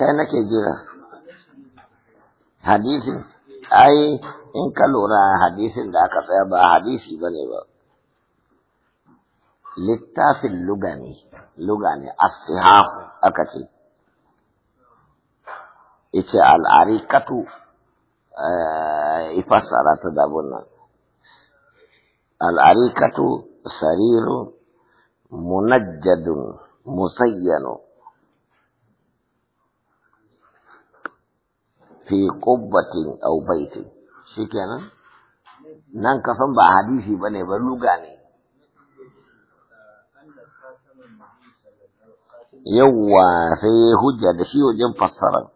kai nake jira hadisin ai in ka lura hadisin da aka tsaya ba hadisi ba ne ba littafin luga ne luga ne asihahu aka ce ice al'arikatu ifassara ta dabun nan al'arikatu sariru munajjadun musayyano fi qubbatin aw baitin shikenan nan kasan ba hadisi bane ba luga ne yawwa sai hujja da shi wajen fassara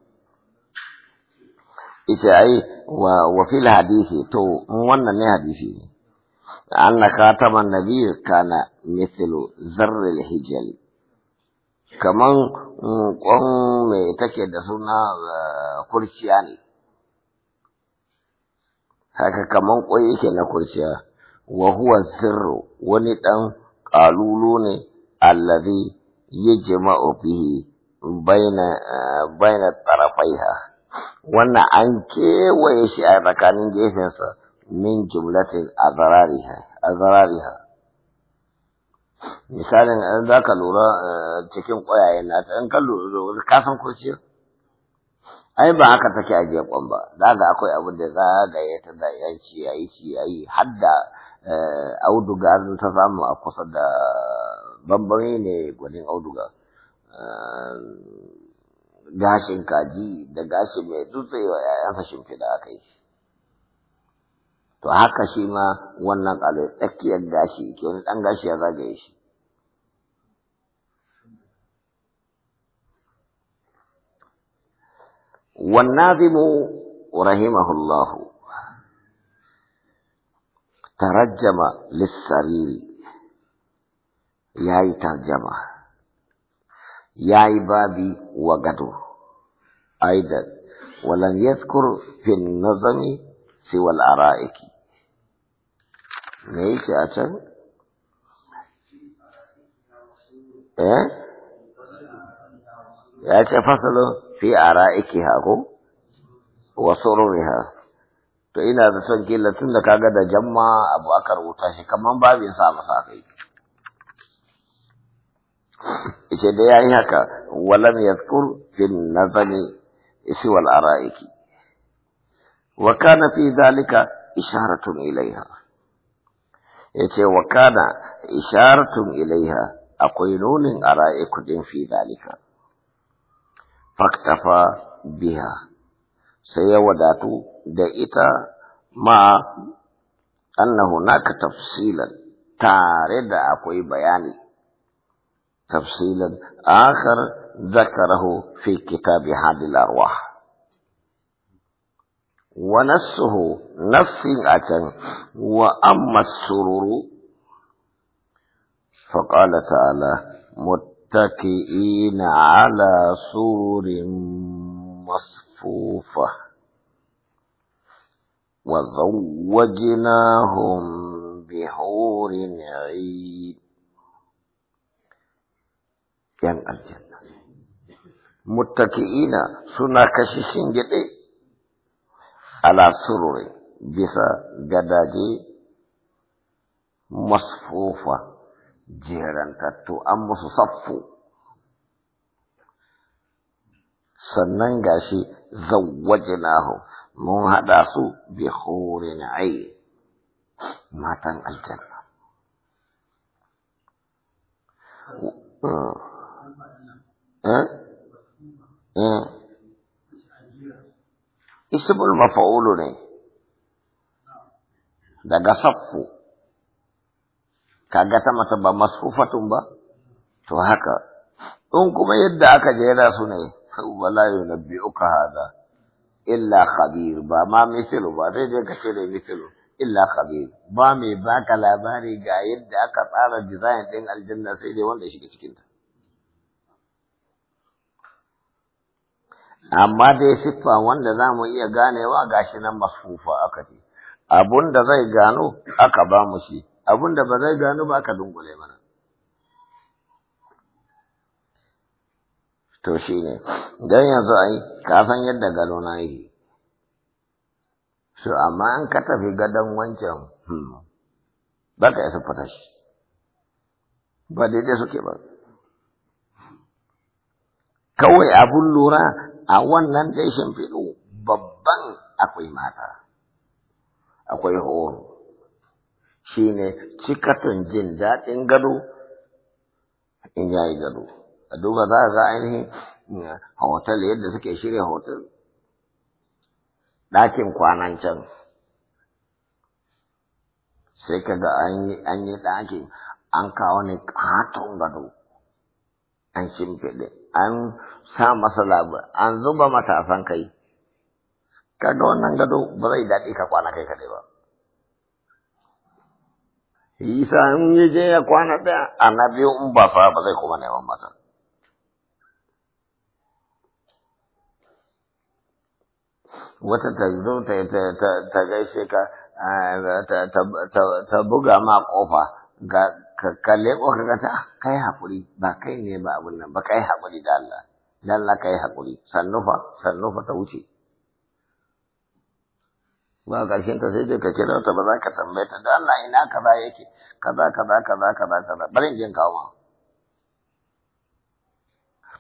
ita ai wa wa fil hadisi to wannan ne hadisi ne anna khataman nabiy kana mithlu zarril hijali kaman mm, kwan mai take da suna eh, kurciya ne haka kaman kwai yake na kurciya wa huwa sirru wani dan kalulu ne allazi yajma'u bihi baina eh, baina tarafaiha wannan an kewaye shi a tsakanin gefensa min jumlatin azrariha azrariha misalin an eh, za ka lura eh, cikin ƙwayayen nata in ka lura ka san kurciya ai ba haka take ajiye ƙwan ba za ga akwai abin da za ga ya ta da ya ci ya yi ci ya yi har da eh, auduga ta samu a kusa da bambami ne gwanin auduga gashin kaji da gashi mai dutsewa yayansa shimfiɗa aka yi to haka shi ma wannan ƙalai tsakiyar gashi ke wani ɗan gashi ya zagaye shi والناظم رحمه الله ترجم للسرير ياي ترجمة ياي بابي وقدو أيضا ولم يذكر في النظم سوى الأرائك ميش أتن إيه؟ يا فصله fi ara'ikiha ko wa sururiha to ina da son kila tun da kaga da jamma abu aka rubuta shi kaman babin sa masa kai ice da yayin haka walam yadhkur fil nazami isi wal ara'iki wa kana fi dhalika isharatun ilaiha yace wa kana isharatun ilaiha akwai nunin ara'iku din fi dhalika فاكتفى بها سيوداتو دائتا ما أن هناك تفصيلا تارد أقوي بياني تفصيلا آخر ذكره في كتاب هذه الأرواح ونسه نفس أتن وأما السرور فقال تعالى متكئين على سور مصفوفة وزوجناهم بحور عين yan aljanna muttaki'ina suna kashi shingiɗe ala sururi bisa gadaje masfufa jerantattu an musu saffu sannan gashi zawwajnahu mun haɗa su bi hurin ayi matan aljanna ismul mafa'ulu ne daga saffu kaga ta mata ba masfufatun ba to haka in kuma yadda aka jera su ne wala yunabbi'uka hada illa khabir ba ma misilu ba sai dai kace da misilu illa khabir ba mai baka labari ga yadda aka tsara design din aljanna sai dai wanda shiga cikin ta amma dai siffa wanda za mu iya ganewa gashi nan masfufa aka ce abun da zai gano aka ba mu shi abun da ba zai gano ba ka dungule mana to shi ne don yanzu ai ka san yadda gado na yi so amma an ka tafi gadon wancan hmm, ba ka isa fata shi ba daidai suke ba kawai abun lura a wannan dai shimfiɗu babban akwai mata akwai horo shine cikatun jin daɗin gado in yayi gado a duba za a ga ainihin mm, hotel yadda suke shirya hotel ɗakin kwanan can sai ka ga an yi ɗaki an kawo ne katon gado an shimfiɗe an sa masa labu an zuba matasan kai Ka ga wannan gado ba zai daɗi ka kwana kai kaɗai ba isa in ya je ya kwana ɗaya a na biyu in ba fa ba zai kuma neman mata wata ta zo ta gaishe ka ta buga ma kofa ga ka kalle ko ka ta ah, kai hakuri ba kai ne ba abun nan ba kai hakuri da Allah dan Allah kai hakuri sannufa sannufa ta wuce ba ƙarshen ta sai dai ka kira ta ba za ka tambaye ta da Allah ina kaza yake kaza kaza kaza kaza kaza bari in je kawo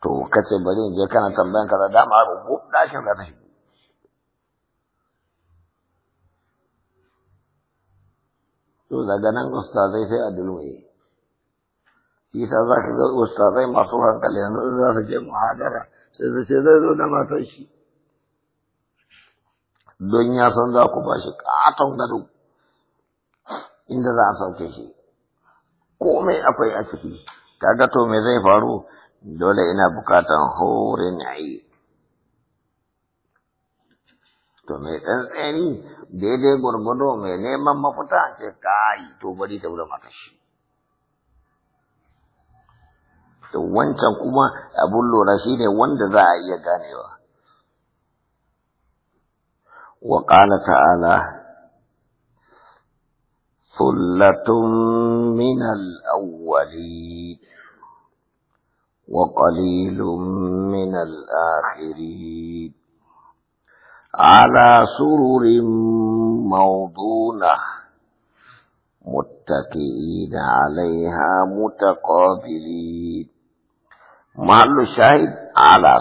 to kace bari in je kana tambayan kaza dama rubu da shi ga ta shi to daga nan ustazai sai a dulwaye shi za ka ga ustazai masu hankali yanzu za su je muhadara sai su zai zo da matar shi don ya san za ku ba shi ƙaton gado inda za a sauke shi komai akwai a ciki kaga to me zai faru dole ina bukatan horin ayi to mai ɗan tsani daidai gwargwado mai neman mafita ce kai to bari ta wurin mata shi to wancan kuma abun lura shi ne wanda za a iya ganewa وقال تعالى ثلة من الأولين وقليل من الآخرين على سرر موضونة متكئين عليها متقابلين محل الشاهد على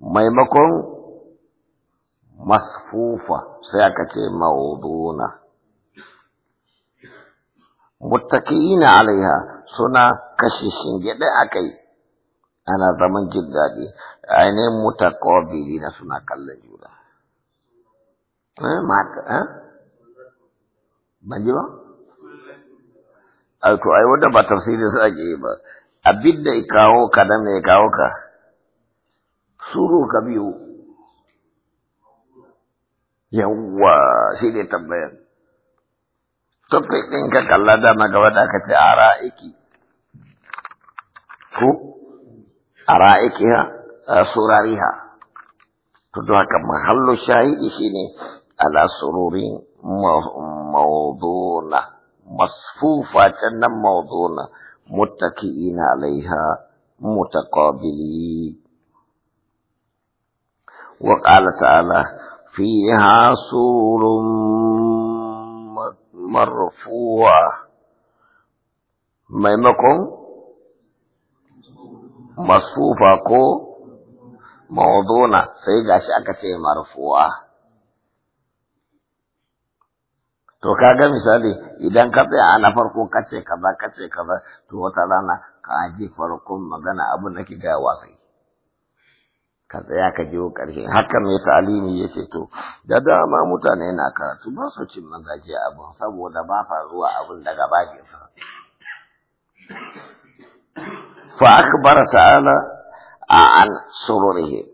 ما يمكن masfufa sai aka ce mauduna muttaqina alaiha suna kashi shingide akai ana zaman jin daɗi ainihin mutakobili na suna kallon juna eh, eh? ji ba to ai wanda ba tafsirin sa ake yi ba abin da ya kawo ka nan ya kawo ka suru ka biyu yawwa shi ne tambayar tufin ɗin ka kalla dama gaba da aka ce a ra'iki ko a ra'iki ha a surari ha to don haka mahallu shahidi shi ne ala sururin mawduna masfufa can nan mawduna muttaki'ina alaiha متقابلين وقال تعالى فيها سور مرفوعة ميمكم مصفوفة كو موضونة سيجا ce مرفوعة to kaga misali idan ka tsaya ana farko kace kaza kace kaza to wata rana ka ji farkon magana abu da ke ga wasai kaza ya ka jiwo ƙarshe haka mai talimi yace to da dama mutane na karatu ba su cin magaji abun saboda ba fa zuwa abun daga bakinsa fa fa akbara ta'ala an sururihi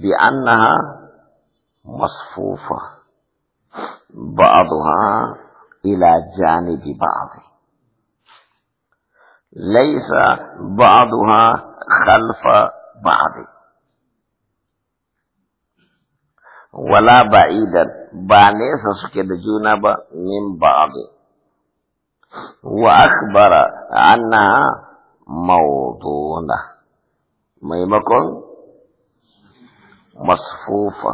bi annaha masfufa ba'daha ila janibi ba'd ليس بعضها خلف ba'd wala ba'idan ba nesa suke da juna ba min ba'd wa akbara anna mawduna maimakon masfufa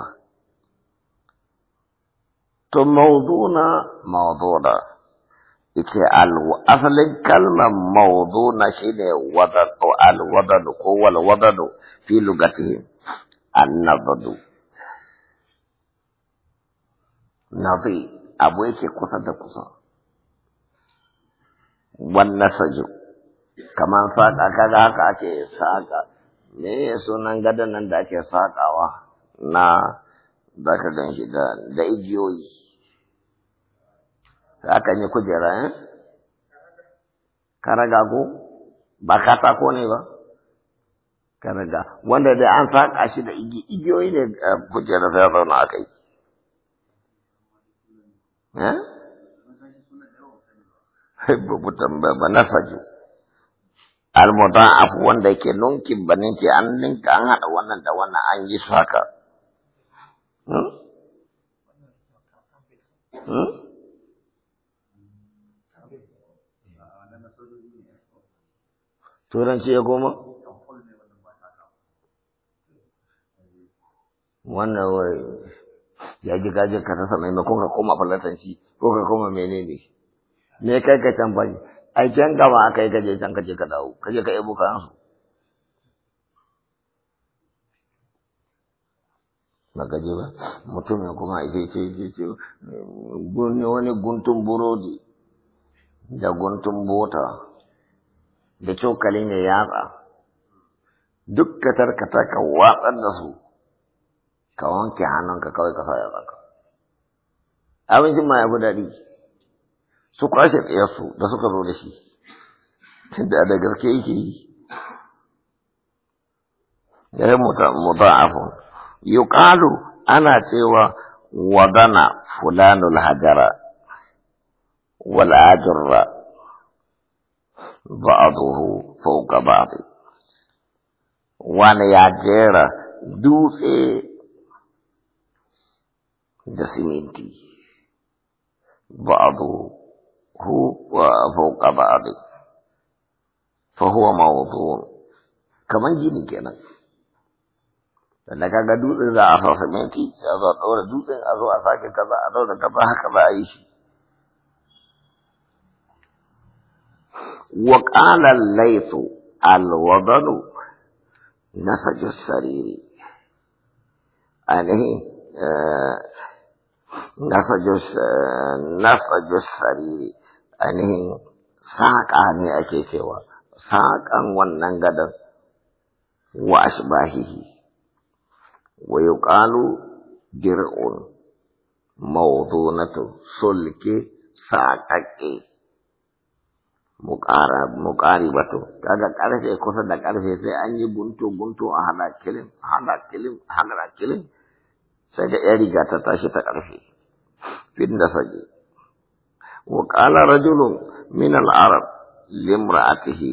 to mawduna mawduna yake asalin kalmar mawduna shine wadadu alwadadu ko walwadadu fi lugatihim annadadu nabi abu yake kusa da kusa wannan saju kamar faɗa kaga haka ake saƙa me sunan gadon nan da ake saƙawa na za ka gan shi da igiyoyi za ka yi kujera eh? karaga ko ba katako ne ba karaga wanda dai an saƙa shi da igiyoyi ne eh, kujera sai zauna a kai ba mutum ba ba na faji almudan afu wanda yake nunkin ba ninki an ninka an haɗa wannan da wannan an yi su haka hmm? Hmm? turanci ya goma wannan wai ya ji gajin ka ta sanai ko ka koma falatanci ko ka koma menene me kai ka can bane a can gaba aka yi gaje can kaje ka dawo kaje ka yabo ka hansu ba gaje ba mutum ya kuma ake ce ce ce wani guntun burodi da guntun bota da cokali ne yatsa duk ka tarkata ka watsar da su ka wanke hannunka kawai ka fara baka abincin ma ya fi daɗi su kwashe tsayarsu da suka zo da shi tunda da gaske yake yi gare yi ƙalu ana cewa wadana fulanul hajara Ba a ba'dahu fauka ba wani ya jera dutse جسمينتي بعضه هو وفوق بعضه فهو موضوع كما جيني كنا لأنك قد دوت إذا أصل سمينتي أصل أول دوت أصل أصل كذا أصل كذا كذا أيش وقال الليث الوضن نسج السرير أنه آه nasajo eh, sariri ainihin saƙa ne ake cewa saƙan wannan gadon wa ashbahihi wa yuqalu dir'un mawdunatu sulki saƙaƙe bato. kaga ƙarfe kusa da ƙarfe sai an yi buntu buntu a hada kilin hada kilin hada kilin sai da ya riga ta tashi ta ƙarfe pindah saja. Wakala rajulun min al Arab limraatihi.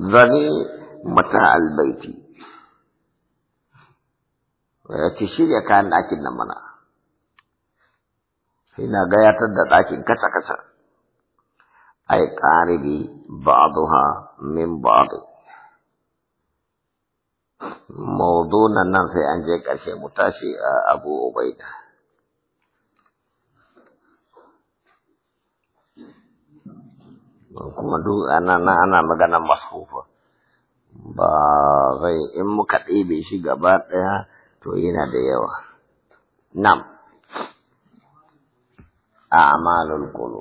Zani mata al baiti. Kisi ya kan na mana. Hina gayatar da ɗakin kasa-kasa. Ay kari bi ba'duha min maudunan nan sai an je ƙarshe mu tashi a abu ubaida kuma duk ana ana magana masufa ba zai in muka ɗebe shi gaba ɗaya to yana da yawa nam a'malul qulub